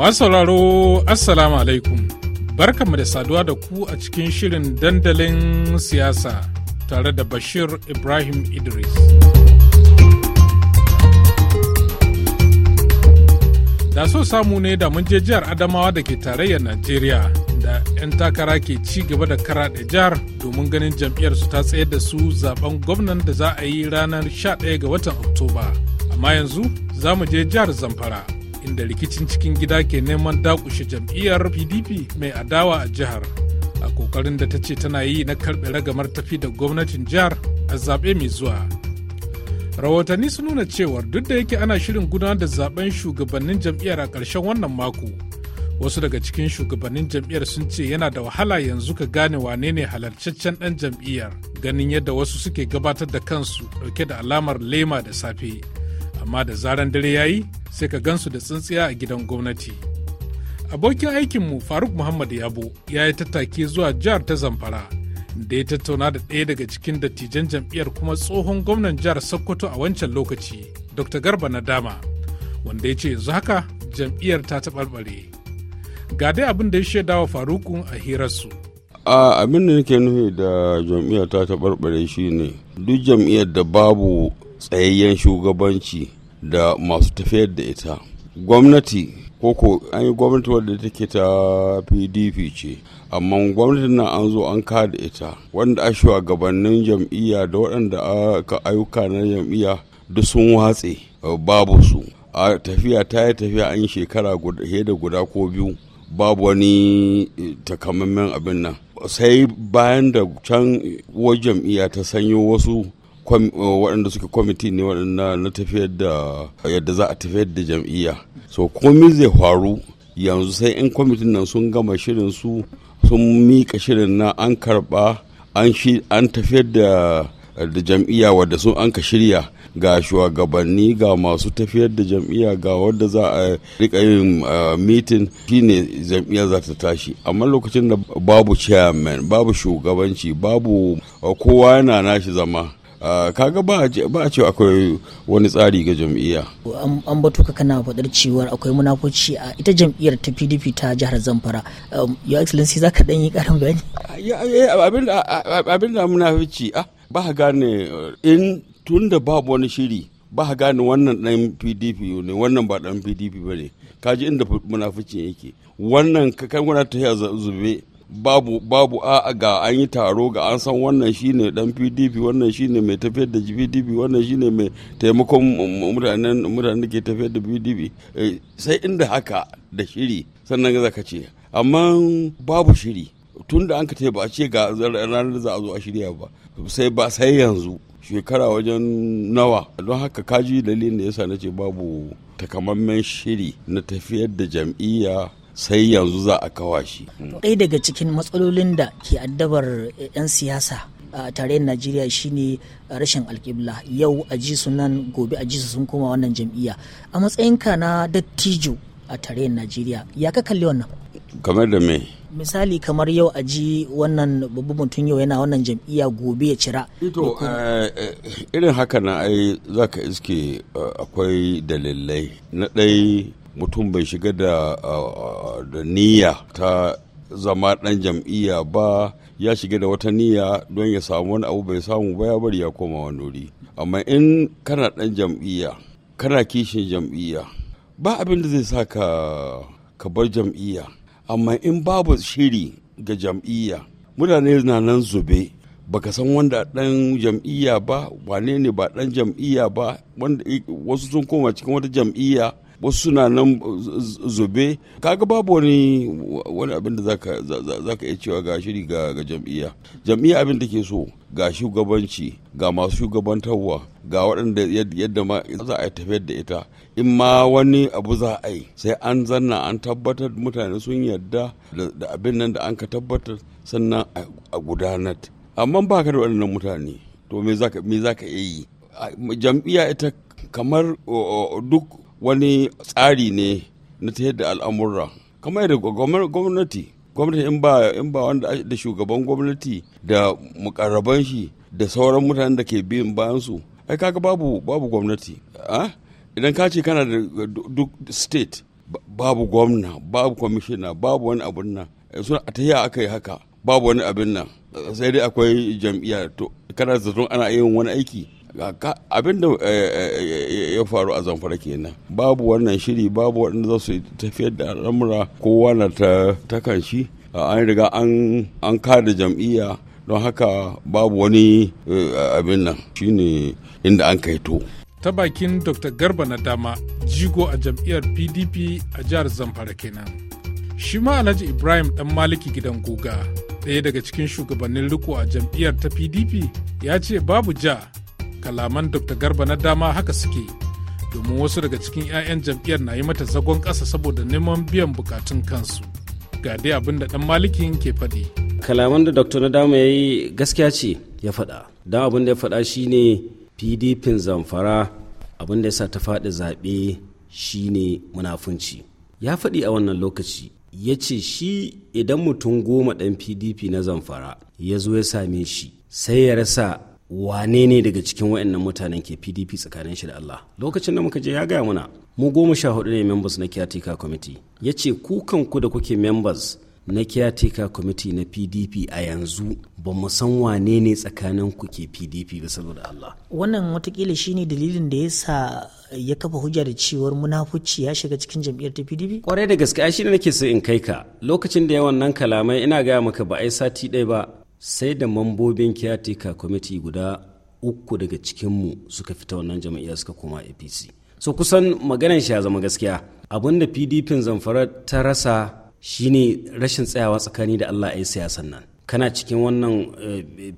Masu sauraro Assalamu alaikum. Barkanmu da saduwa da ku a cikin shirin dandalin siyasa tare da Bashir Ibrahim Idris. Da so samu ne da mun jihar Adamawa da ke tarayyar Najeriya da 'yan takara ke ci gaba da karaɗe jihar domin ganin jam'iyyar su ta tsayar da su zaben gwamnan da za a yi ranar 11 ga watan Oktoba. Amma yanzu za mu je jihar Zamfara. da rikicin cikin gida ke neman dakushe jam'iyyar pdp mai adawa a jihar a kokarin da ta ce tana yi na karɓe ragamar tafi da gwamnatin jihar a zaɓe mai zuwa rahotanni su nuna cewar duk da yake ana shirin gudanar da zaben shugabannin jam'iyyar a ƙarshen wannan mako wasu daga cikin shugabannin jam'iyyar sun ce yana da wahala yanzu ka gane wane ne halarcaccen ɗan jam'iyyar ganin yadda wasu suke gabatar da kansu ɗauke da alamar lema da safe amma da zaran dare ya yi sai ka gansu da tsintsiya a gidan gwamnati abokin aikinmu faruk muhammad yabo ya yi tattaki zuwa jihar ta zamfara da ya tattauna da ɗaya daga cikin dattijan jam'iyyar kuma tsohon gwamnan jihar sokoto a wancan lokaci dr garba na dama wanda ya ce yanzu haka jam'iyyar ta taɓarɓare ga dai abin da ya wa faruku a hirarsu a abin da nake nufi da jam'iyyar ta taɓarɓare shine duk jam'iyyar da babu tsayayyen shugabanci da masu tafiyar da ita gwamnati koko an yi gwamnati wadda take ta pdp ce amma gwamnati nan an zo an kada ita wanda a shugabannin jam'iyya da waɗanda aka ayyuka na jam'iyya duk sun watse babu su a tafiya ta yi tafiya an yi shekara da guda ko biyu babu wani eh, takamaiman abin nan sai bayan da can uwar jam'iyya ta sanyo wasu waɗanda suke kwamiti ne waɗanda na tafiyar da yadda za a tafiyar da jam'iyya so komi zai faru yanzu sai in kwamitin nan sun gama shirin su sun mika shirin na an karɓa an tafiyar da da jam'iyya wadda sun an ka shirya ga shugabanni ga masu tafiyar da jam'iyya ga wadda za a rika yin mitin shine jam'iyya za ta tashi amma lokacin da babu chairman babu shugabanci babu kowa yana nashi zama Ah, kaga ba a cewa akwai wani tsari ga jam'iyya an batu ka kana faɗar cewar akwai munafuci a ita jam'iyyar ta pdp ta jihar zamfara um, your excellency za ka ɗan yi ƙarin bayani abin da munafuci ah, ba ka gane in tun da babu wani shiri ba ka gane wannan ɗan pdp ne wannan ba ɗan pdp ba ne kaji inda munafucin yake wannan kakan wani ta zube babu babu a ga an yi taro ga an san wannan shine dan pdp wannan shine mai tafiyar da pdp wannan shine mai taimakon mutanen mutanen da ke tafiyar da pdp eh, sai inda haka da shiri sannan za ka ce amma babu shiri tun da an ka ba a ce ga ranar da za a zo a shirya ba sai ba sai yanzu shekara wajen nawa don haka kaji dalilin da yasa na ce babu takamammen shiri na tafiyar da jam'iyya sai yanzu za a kawa shi. Ɗaya daga cikin matsalolin da ke addabar eh, 'yan siyasa a tarayyar Najeriya shine rashin alƙibla yau a ji nan gobe a ji sun koma wannan jam'iyya a matsayinka na dattijo a tarayyar Najeriya ya ka kalli wannan? Kamar da me? misali kamar yau a ji wannan babban mutum yau yana wannan jam'iyya gobe ya cira ito eh, eh, irin haka na ai za ka iske akwai dalilai na ɗai mutum bai shiga da niyya ta zama ɗan jam'iyya ba ya shiga da wata niyya don ya samu wani abu bai samu ba ya bari ya koma wani wuri amma in kana ɗan jam'iyya kana kishin jam'iyya ba abin da zai sa ka ka bar jam'iyya amma in babu shiri ga jam'iyya mutane na nan zube baka san wanda ɗan jam'iyya ba wane ne ba ɗan jam'iyya ba wasu sun koma cikin wata jam'iyya wasu suna nan zobe kaga babu wani wani abin da za ka iya cewa ga shiri ga jam'iyya jam'iyya abin da ke so ga shugabanci ga masu shugabantarwa ga waɗanda yadda ma za a tafiyar da ita in ma wani abu za a yi sai an zanna an tabbatar mutane sun yarda da abin nan da an ka tabbatar sannan a gudanar amma ba ka da waɗannan mutane to me za ka iya yi jam'iyya ita kamar duk wani tsari ne na ta yadda al'amurra kamar yadda gwamnati gwamnati in ba in ba wanda da shugaban gwamnati da mukarraban shi da sauran mutanen da ke biyan bayan su ai kaga babu babu gwamnati idan ka ce kana da duk state babu gwamna babu kwamishina babu wani abun nan yanzu a tahiya aka yi haka babu wani abin nan sai dai akwai jam'iyya to kana zaton ana yin wani aiki abin da eh, eh, eh, ya faru a zamfara kenan babu wannan shiri babu waɗanda za su tafiyar da al'amura kowa na ta kan shi ah, an riga an kada jam'iyya don haka babu wani abin nan shine inda an to. ta bakin dr garba na dama jigo a jam'iyyar pdp a jihar zamfara kenan shi ma alhaji ibrahim dan maliki gidan guga ɗaya daga cikin shugabannin riko a jam'iyyar ta pdp ya ce babu ja kalaman dr garba na dama haka suke domin wasu daga cikin 'ya'yan jam'iyyar na yi mata zagon ƙasa saboda neman biyan bukatun kansu ga dai abin da dan malikin ke faɗi kalaman da dr nadama ya yi gaskiya ce ya faɗa don abin da ya faɗa shine pdp zamfara abin da ya sa ta faɗi zaɓe shine munafunci ya faɗi a wannan lokaci ya ce shi idan mutum goma ɗan pdp na zamfara ya zo ya same shi sai ya rasa wane ne daga cikin wayannan mutanen ke pdp tsakanin shi da allah lokacin da muka je ya gaya muna mu goma sha hudu ne members na caretaker committee ya ce ku kanku da kuke members na caretaker committee na pdp a yanzu ba mu san wane ne tsakanin ku ke pdp ba saboda allah wannan watakila shine dalilin da ya sa ya kafa hujja da cewar munafuci ya shiga cikin jam'iyyar ta pdp kwarai da gaske shi shine nake so in kai ka lokacin da yawan nan kalamai ina gaya maka ba ai sati ɗaya ba sai da mambobin caretaker kwamiti guda uku daga cikinmu suka fita wannan jam'iyyar suka koma apc so kusan maganan shi ya zama gaskiya abin da pdp zamfara ta rasa shine rashin tsayawa tsakani da allah ya siyasan nan kana cikin wannan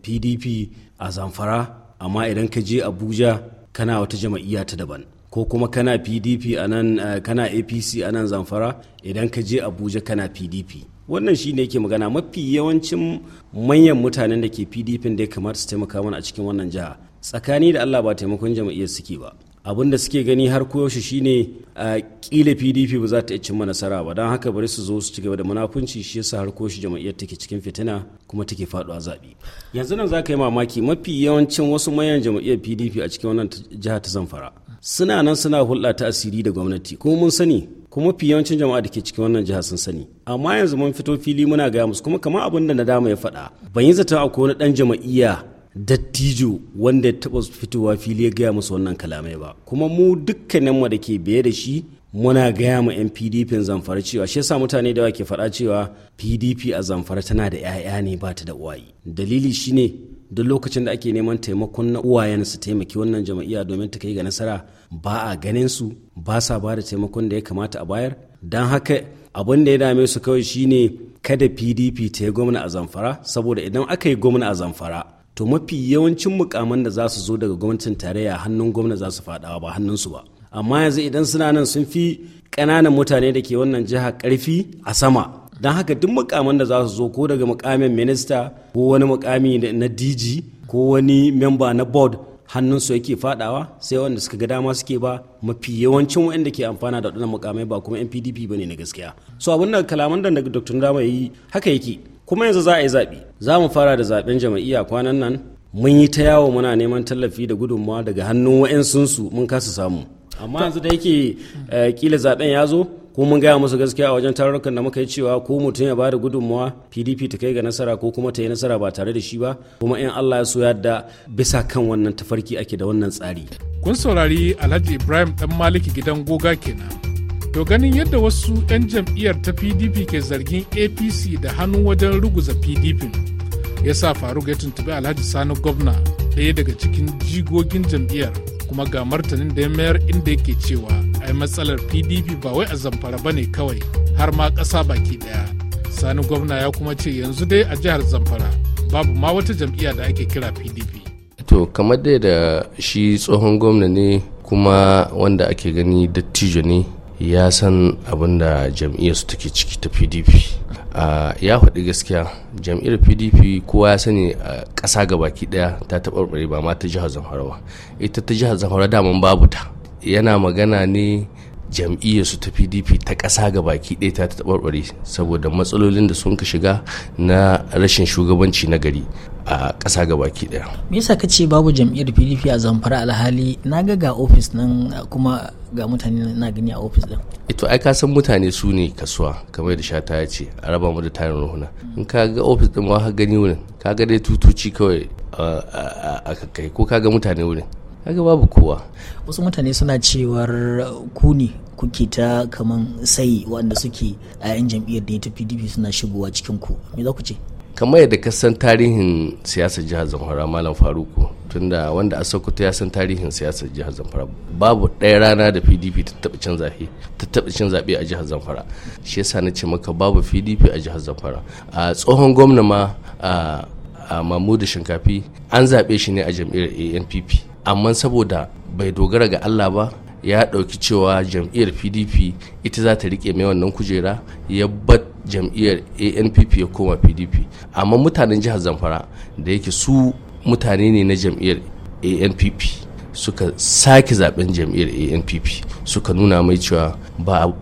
pdp eh, a zamfara amma idan ka je abuja kana wata jam'iyya ta daban ko kuma kana pdp a nan eh, kana apc a nan zamfara idan ka je abuja kana pdp wannan shi ne yake magana mafi yawancin manyan mutanen da ke pdp da ya kamata su taimaka mana a cikin wannan jiha tsakani da allah ba taimakon jama'iyyar suke ba abin da suke gani har koyaushe shine a kila pdp ba za ta cin nasara ba don haka bari su zo su ci gaba da munafunci shi yasa har koyaushe jama'iyyar take cikin fitina kuma take faduwa zaɓe yanzu nan za ka yi mamaki mafi yawancin wasu manyan jama'iyyar pdp a cikin wannan jiha ta zamfara suna nan suna hulɗa ta asiri da gwamnati kuma mun sani kuma fi yawancin jama'a da ke cikin wannan jiha sun sani amma yanzu mun fito fili muna gaya musu kuma kamar abin da nadama ya faɗa ban yi zata akwai wani ɗan jama'iyya dattijo wanda ya taɓa fitowa fili ya gaya musu wannan kalamai ba kuma mu dukkaninmu da ke biye da shi muna gaya ma 'yan pdp zamfara cewa shi yasa mutane da ke faɗa cewa pdp a zamfara tana da 'ya'ya ne ba ta da uwaye dalili shine duk lokacin da ake neman taimakon na uwayen su taimaki wannan jama'iyya domin ta kai ga nasara ba a ganin su ba sa ba da taimakon da ya kamata a bayar don haka abin da ya dame su kawai shine kada pdp ta yi gwamna a zamfara saboda idan aka yi gwamna a zamfara to mafi yawancin mukaman da za su zo daga gwamnatin tarayya hannun gwamna za su faɗawa ba su ba amma yanzu idan suna nan sun fi ƙananan mutane da ke wannan jiha ƙarfi a sama don haka duk mukamin da za su zo ko daga mukamin minista ko wani mukami na dg ko wani memba na board hannunsu yake fadawa sai wanda suka ga dama suke ba mafi yawancin wanda ke amfana da waɗannan mukamai ba kuma npdp ba ne na gaskiya so abin da kalaman da dr dama yi haka yake kuma yanzu za a yi zaɓe za mu fara da zaɓen jama'iyya kwanan nan mun yi ta yawo muna neman tallafi da gudunmawa daga hannun wa'yansunsu mun kasa samu amma yanzu da yake kila eh, zaɓen ya zo ko mun gaya musu gaskiya a wajen tarurrukan da muka yi cewa ko mutum ya bada gudunmawa pdp ta kai ga nasara ko kuma ta yi nasara ba tare da shi ba kuma in allah ya so yadda bisa kan wannan tafarki ake da wannan tsari kun saurari alhaji ibrahim dan maliki gidan goga kenan to ganin yadda wasu 'yan jam'iyyar ta pdp ke zargin apc da hannu wajen ruguza pdp ya sa faruk ya tuntubi alhaji sani gwamna ɗaya daga cikin jigogin jam'iyyar kuma ga martanin da ya mayar inda yake cewa ai matsalar pdp ba wai a zamfara ba ne kawai har ma ƙasa baki ɗaya sani gwamna ya kuma ce yanzu dai a jihar zamfara babu ma wata jam'iyya da ake kira pdp to kamar dai da shi tsohon gwamna ne kuma wanda ake gani dattijo ne ya san abin da jam'iyyar su take ciki ta pdp ya faɗi gaskiya jam'iyyar pdp kowa ya sani a ƙasa baki ɗaya ta taɓarɓare ba ma ta jihar zamfara ba ita ta jihar zamfara daman babu ta yana magana ne jam'iyyar su ta pdp ta ƙasa ga baki ɗaya ta taɓarɓare saboda matsalolin da sun ka shiga na rashin shugabanci na gari a ƙasa ga baki ɗaya me yasa ka babu jam'iyyar pdp a zamfara alhali na ga ga ofis nan kuma ga mutane na gani a ofis ɗin ito ai ka san mutane su ne kasuwa kamar da shata ya ce a raba mu da tarin ruhuna in ka ga ofis ɗin ma ka gani wurin ka ga dai tutuci kawai a kai ko ka ga mutane wurin kaga babu kowa wasu mutane suna cewar ku ne kuke ta kaman sai wanda suke a yan jam'iyyar da ta pdp suna shigowa cikin ku me za ku ce kamar yadda ka san tarihin siyasar jihar zamfara malam faruku tunda wanda a sokoto ya san tarihin siyasar jihar zamfara babu ɗaya rana da pdp ta taɓa cin zaɓe ta taɓa cin zaɓe a jihar zamfara shi yasa na ce maka babu pdp a jihar zamfara a tsohon gwamna ma a mamudu shinkafi an zaɓe shi ne a jam'iyyar anpp amma saboda bai dogara ga Allah ba ya ɗauki cewa jam'iyyar pdp ita za ta riƙe mai wannan kujera ya bat jam'iyyar anpp ya koma pdp amma mutanen jihar zamfara da yake su mutane ne na jam'iyyar anpp suka sake zaben jam'iyyar anpp suka nuna mai cewa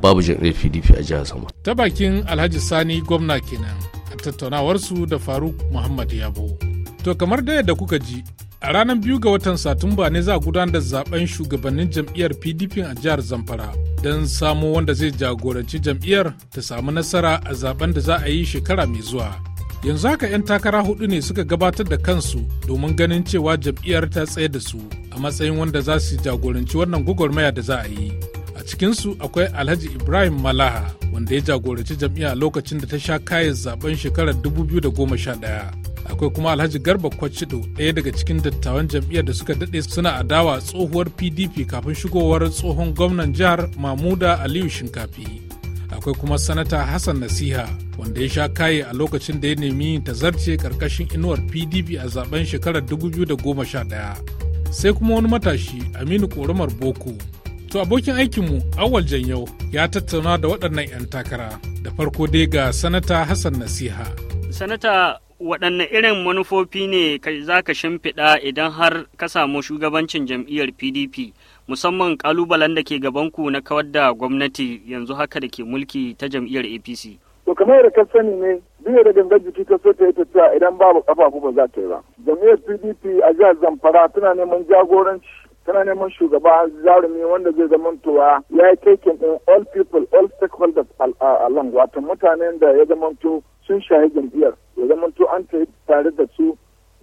babu jam'iyyar pdp a jihar zamfara ta bakin alhaji sani gwamna kenan a tattaunawarsu da faruk muhammad yabo to kamar da yadda kuka ji A ranar biyu ga watan Satumba ne za a gudanar da zaben shugabannin jam'iyyar PDP a jihar Zamfara don samo wanda zai jagoranci jam'iyyar ta samu nasara a zaben da za a yi shekara mai zuwa. Yanzu haka 'yan takara hudu ne suka gabatar da kansu domin ganin cewa jam'iyyar ta tsaye da su a matsayin wanda za su jagoranci wannan gwagwarmaya da za a yi. A cikinsu akwai Alhaji Ibrahim Malaha wanda ya jagoranci jam'iyya lokacin da ta sha kayan zaben shekarar 2011. akwai kuma alhaji garba kwacido ɗaya daga cikin dattawan jam'iyyar da suka daɗe suna adawa tsohuwar pdp kafin shigowar tsohon gwamnan jihar mamuda aliyu shinkafi akwai kuma sanata hassan nasiha wanda ya sha kaye a lokacin da ya nemi ta zarce karkashin inuwar pdp a zaben shekarar da goma sha ɗaya, sai kuma wani matashi aminu koromar boko to abokin aikinmu awal janyau ya tattauna da waɗannan 'yan takara da farko dai ga sanata hassan nasiha sanata waɗanne irin manufofi ne za ka shimfiɗa idan har ka samu shugabancin jam'iyyar pdp musamman ƙalubalen da ke gabanku na kawar da gwamnati yanzu haka da ke mulki ta jam'iyyar apc to kamar yadda ka sani ne duk da dangar jiki ta so ta yi tafiya idan babu kafafu ba za ta yi ba jam'iyyar pdp a jihar zamfara tana neman jagoranci tana neman shugaba zarumi wanda zai zama towa ya yi taken in all people all stakeholders a wato mutanen da ya zama sun shahi jam'iyyar ya zama to an tare da su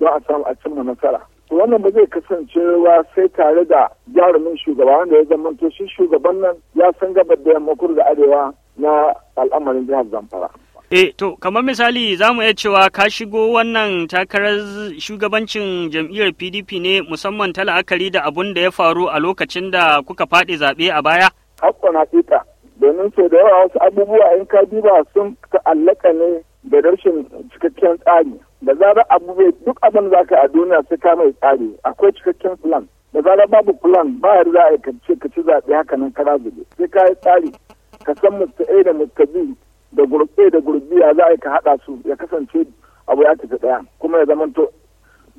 don a samu a cimma nasara wannan ba zai kasance ba sai tare da jarumin shugaba wanda ya zama to shi shugaban nan ya san gabar da yamma da arewa na al'amarin jihar zamfara E, to, kamar misali za mu iya cewa ka shigo wannan takarar shugabancin jam'iyyar PDP ne musamman ta la'akari da abun da ya faru a lokacin da kuka faɗi zaɓe a baya? Hakkon hakika, domin sau da yawa wasu abubuwa in ka duba sun ta'allaka ne da rashin cikakken tsari da zarar abu bai duk abin da zaka a duniya sai ka mai tsari akwai cikakken plan da zarar babu plan ba yar za a yi kace ka ci zaɓe haka nan kara zube sai ka yi tsari ka san musta A da musta B da gurbe da gurbiya za a yi ka haɗa su ya kasance abu ya tafi ɗaya kuma ya zamanto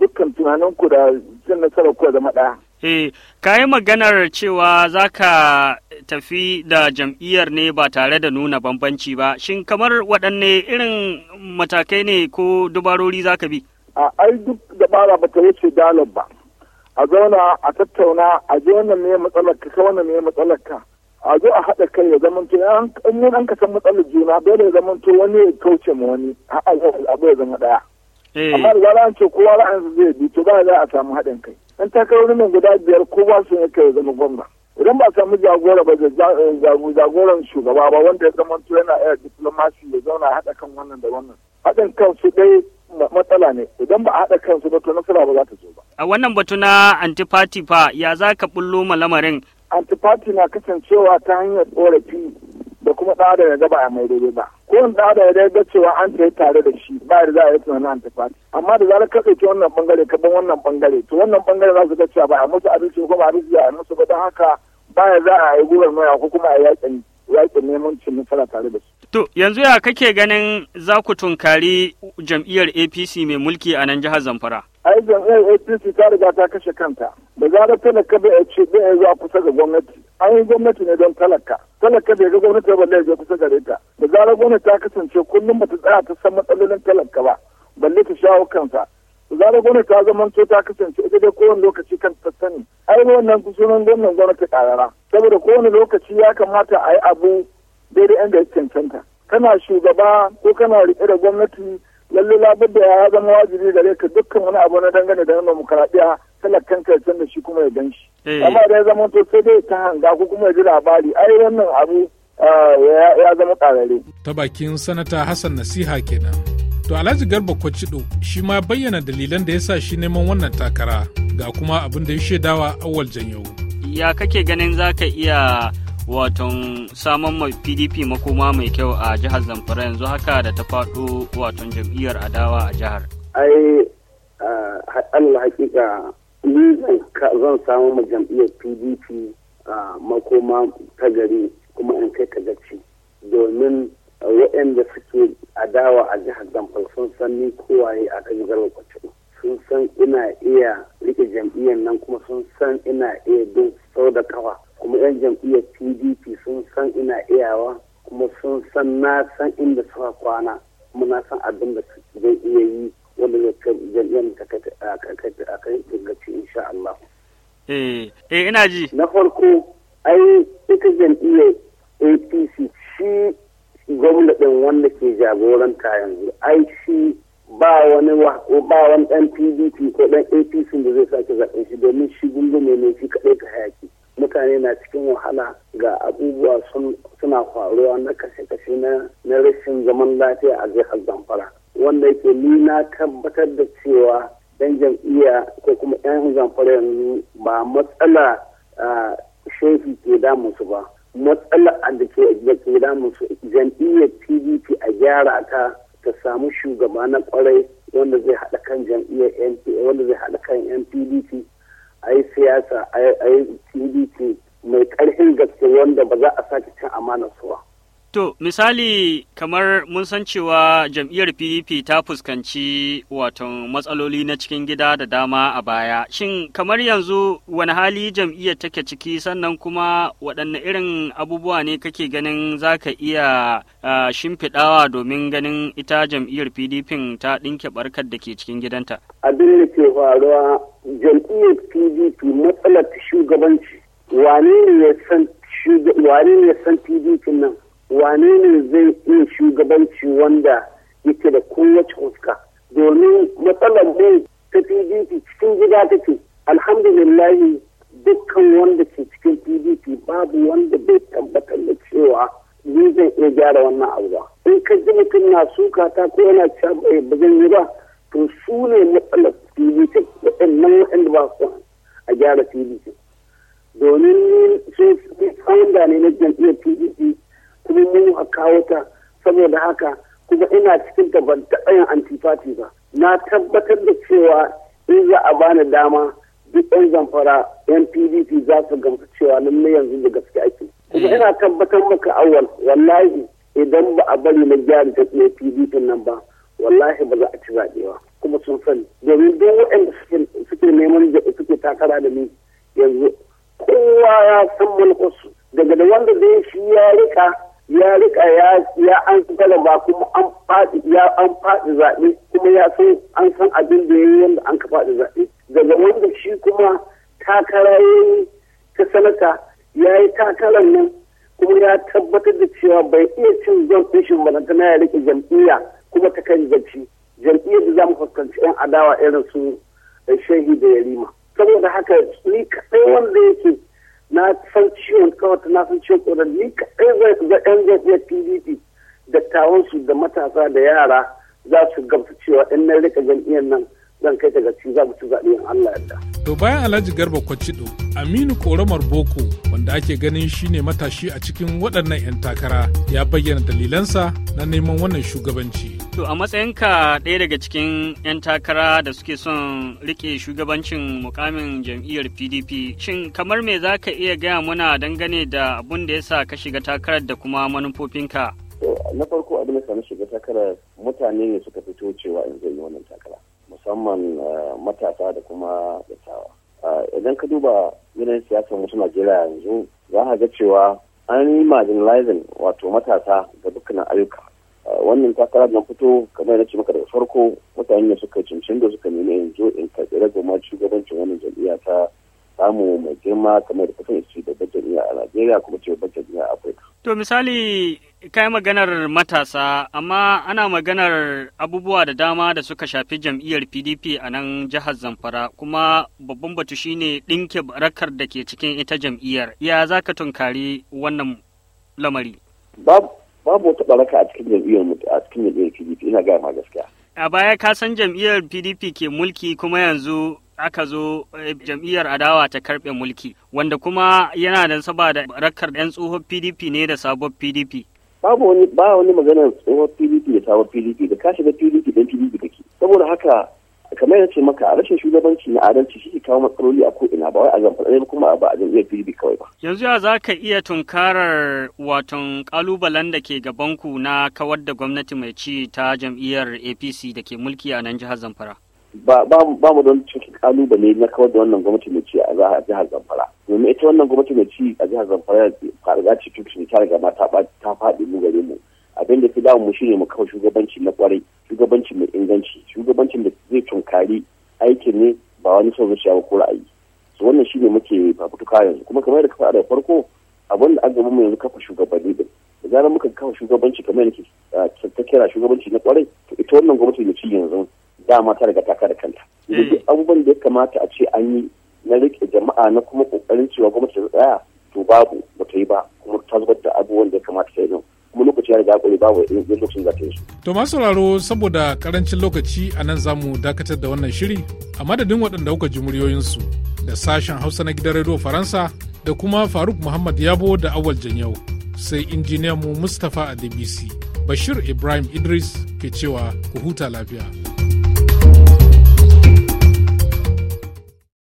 dukkan tunaninku da cin nasarar ku ya zama ɗaya E, ka yi maganar cewa za ka tafi da jam'iyyar ne ba tare da nuna bambanci ba, shin kamar waɗanne irin matakai ne ko dubarori za ka bi? A ai duk dabara ba ta wuce dalib ba, a zauna a tattauna a ji wannan ne matsalar ka, wannan ne matsalar ka. A zo a haɗa kai ya zamanto in mun an kasan matsalar juna dole ya to wani ya kauce ma wani a abu ya zama ɗaya. Eh. Amma da zaran ce kowa ra'ayinsa zai bi to ba za a samu haɗin kai. dan takarorin nan guda biyar ko ba su yake ya zama gwamna idan ba samu jagora ba eh, jagoran shugaba ba wanda ya zama yana iya diplomasi ya zauna haɗa kan wannan da wannan haɗin kansu dai matsala ne idan ba a haɗa kansu ba to nasara ba za ta zo ba. A wannan batu na antipati fa ya za ka bullo ma lamarin? Antipati na kasancewa ta hanyar tsorafi da kuma tsada da gaba a mai daidai ba. kowane da da ya ga cewa an yi tare da shi ba da za a yi tunanin an tafi amma da zarar ka ɗauki wannan bangare ka ban wannan bangare to wannan bangare za su ga cewa ba a musu abinci ko ba a musu ba don haka ba da za a yi gubar maya ko kuma a yaƙin yaƙin neman cin nasara tare da su. To yanzu ya kake ganin za ku tunkari jam'iyyar APC mai mulki a nan jihar Zamfara? Ai jam'iyyar APC ta riga ta kashe kanta. Da zarar talaka bai ce bai zuwa kusa ga gwamnati. An yi gwamnati ne don talaka. Talaka bai ga gwamnati ba zai je kusa gare ta. Da zarar gwamnati ta kasance kullum ba ta tsaya ta san matsalolin talaka ba. Balle ta shawo kansa. zara gwamnati ta zama to ta kasance ita dai kowane lokaci kan ta sani ai wannan sunan gwamnan gwamnati karara saboda kowane lokaci ya kamata a yi abu daidai an ya cancanta kana shugaba ko kana riƙe da gwamnati lalle da ya zama wajibi gare ka dukkan wani abu na dangane da demokaradiyya talakan ka da shi kuma ya gan shi eh. amma da ya zama to sai dai ta hanga ko kuma ya ji labari ai wannan abu ah, ya zama karare. ta bakin sanata hassan nasiha kenan To Alhaji Garba Kwacido shi ma bayyana dalilan da ya sa shi neman wannan takara ga kuma abin da ya shaidawa awal janyo. Ya kake ganin za ka iya waton samun mai PDP makoma mai kyau a jihar Zamfara yanzu haka da ta faɗo waton jam'iyyar adawa a jihar. Ai Allah hakika ni zan samu ma jam'iyyar PDP makoma ta gari kuma in kai ta gaci domin waɗanda suke adawa a jihar Zamfara sun san ni kowaye a kan garba sun san ina iya rike jam'iyyar nan kuma sun san ina iya bin sau da kawa kuma 'yan jam'iyyar PDP sun san ina iyawa kuma sun san na san inda suka kwana kuma na san abin da zai iya yi wanda zai jam'iyyar ta kai gaci insha Allah. Eh, eh ina ji. Na farko, ai ita jam'iyyar APC shi gwamna wanda ke jagoranta yanzu ai shi ba wani ba wani ɗan pdp ko ɗan apc da zai sake zaɓen shi domin shi gungume ne shi kaɗai ka hayaki mutane na cikin wahala ga abubuwa suna faruwa na kashe-kashe na rashin zaman lafiya a jihar zamfara wanda yake ni na tabbatar da cewa yan jam'iyya ko kuma yan zamfara yanzu ba matsala ah, shefi ke su ba matsalar da ke gida musu jam'iyyar pdp a gyara ta ta samu shugaba na kwarai wanda zai haɗa kan jam'iyyar wanda zai haɗa kan npdp a yi siyasa a yi pdp mai ƙarfin gaske wanda ba za a sake cin amana suwa To, misali kamar mun san cewa jam'iyyar PDP ta fuskanci waton matsaloli na cikin gida da dama a baya. Shin kamar yanzu wani hali jam'iyyar take ciki sannan kuma waɗanne irin abubuwa ne kake ganin za ka iya uh, shimfiɗawa domin ganin ita jam'iyyar PDP ta ɗinke barkar da ke cikin gidanta? Abin da ke faruwa jam'iyyar PDP matsalar shugabanci wane ne ya san PDP nan? wane ne zai iya shugabanci wanda yake da kowace huska domin matsalar ne ta pdp cikin gida take alhamdulillahi dukkan wanda ke cikin pdp babu wanda bai tabbatar da cewa ni zan iya gyara wannan abu ba in ka ji mutum na suka ta ko yana cewa ba zan yi ba to su ne matsalar pdp waɗannan waɗanda ba su a gyara pdp domin ni sun founder ne na jam'iyyar pdp kuma mun a kawo ta saboda haka kuma ina cikin ta ban taɓa yin antifati ba na tabbatar da cewa in za a bani dama duk yan zamfara yan pdp za su gamsu cewa na yanzu da gaske ake kuma ina tabbatar maka awal wallahi idan ba a bari na gyara ta pdp nan ba wallahi ba za a ci zaɓewa kuma sun sani domin duk waɗanda suke neman suke takara da ni yanzu kowa ya san mulkusu daga da wanda zai shi ya rika ya rika ya an galaba kuma an faɗi ya an faɗi zaɓe kuma ya san an san abin da yayi yanda an ka faɗi zaɓe daga wanda shi kuma takara yayi ta sanata ya yi takarar nan kuma ya tabbatar da cewa bai iya cin zan kushin ba tana ya rike jam'iyya kuma ta kan gaci jam'iyyar da za mu fuskanci 'yan adawa irin su eh, shehi da yarima saboda haka ni kaɗai wanda yake na san ciwon kawata na san ciwon kodar ni kaɗai ga ɗan jam'iyyar pdp dattawansu da matasa da yara za su gamsu cewa in na rika jam'iyyar nan zan kai ta gaci za mu ci zaɓe in Allah yadda. To bayan Alhaji Garba Kwacido, Aminu Koromar Boko da ake ganin shine matashi a cikin waɗannan 'yan takara ya bayyana dalilansa na neman wannan shugabanci. To a matsayinka ɗaya daga cikin 'yan takara da suke son rike shugabancin mukamin jam'iyyar PDP, shin kamar me za ka iya gaya muna dangane da abun da ya sa ka shiga takarar da kuma manufofinka? Na farko abin da na shiga takarar mutane ne suka fito cewa in zai yi wannan takara, musamman eh, matasa da kuma dattawa. Ah, idan ka duba yanayin siyasar wasu najeriya yanzu za a ga cewa an yi marginalizing wato matasa ga dukkanin ayyuka uh, wannan takara na fito kamar yana ce maka daga farko mutane ne suka cimcin da suka nemi yanzu in karɓi ragama shugabancin wannan jam'iyya ta samu mai girma kamar da kusan da babbar iya a najeriya kuma ce babbar iya a afirka to misali kai maganar matasa amma ana maganar abubuwa da dama da suka shafi jam'iyyar pdp a nan jihar zamfara kuma babban batu shine ɗinke barakar da ke cikin ita jam'iyyar ya za ka tunkari wannan lamari babu wata baraka a cikin jam'iyyar a cikin jam'iyyar pdp ina gaya ma gaskiya a baya ka san jam'iyyar pdp ke mulki kuma yanzu aka zo eh, jam'iyyar adawa ta karɓe mulki wanda kuma yana da saba da rakar 'yan tsohon pdp ne da sabon pdp babu wani ba wani magana tsohon pdp da sabon pdp da ka shiga pdp dan pdp ke. saboda haka kamar ce maka a rashin shugabanci na adalci shi ke kawo matsaloli a ko'ina ba wai a zamfara kuma ba a jam'iyyar pdp kawai ba yanzu ya za ka iya tunkarar waton kalubalen da ke gabanku na kawar da gwamnati mai ci ta jam'iyyar apc da ke mulki a nan jihar zamfara ba mu don cikin kalubale na kawar da wannan gwamnati mai ci a jihar zamfara domin ita wannan gwamnati mai ci a jihar zamfara ta riga cikin ne ta riga ma ta faɗi mu gare mu abin da ta damu mu shine mu kawo shugabanci na kwarai shugabanci mai inganci shugabancin da zai tunkari aikin ne ba wani son zuciya ba ko ra'ayi su wannan shine muke fafutuka yanzu kuma kamar da ka faɗa da farko abin da an gaba mu yanzu kafa shugabanni din da zarar muka kafa shugabanci kamar yadda ah, ta kira shugabanci na kwarai to ita wannan gwamnati mai ci yanzu dama ta riga ta kada kanta eh. duk abubuwan da ya kamata a ce an yi jama'a na kuma kokarin cewa gwamnati ta tsaya to babu ba ta yi ba kuma ta zubar da abubuwan da ya kamata ta yi kuma lokaci ya riga ya ƙure babu irin lokacin za ta yi su. to masu sauraro saboda karancin lokaci a nan za mu dakatar da wannan shiri a madadin waɗanda kuka ji muryoyinsu da sashen hausa na gidan rediyo faransa da kuma faruk muhammad yabo da awal janyau sai injiniyanmu mustapha adebisi bashir ibrahim idris ke cewa ku huta lafiya.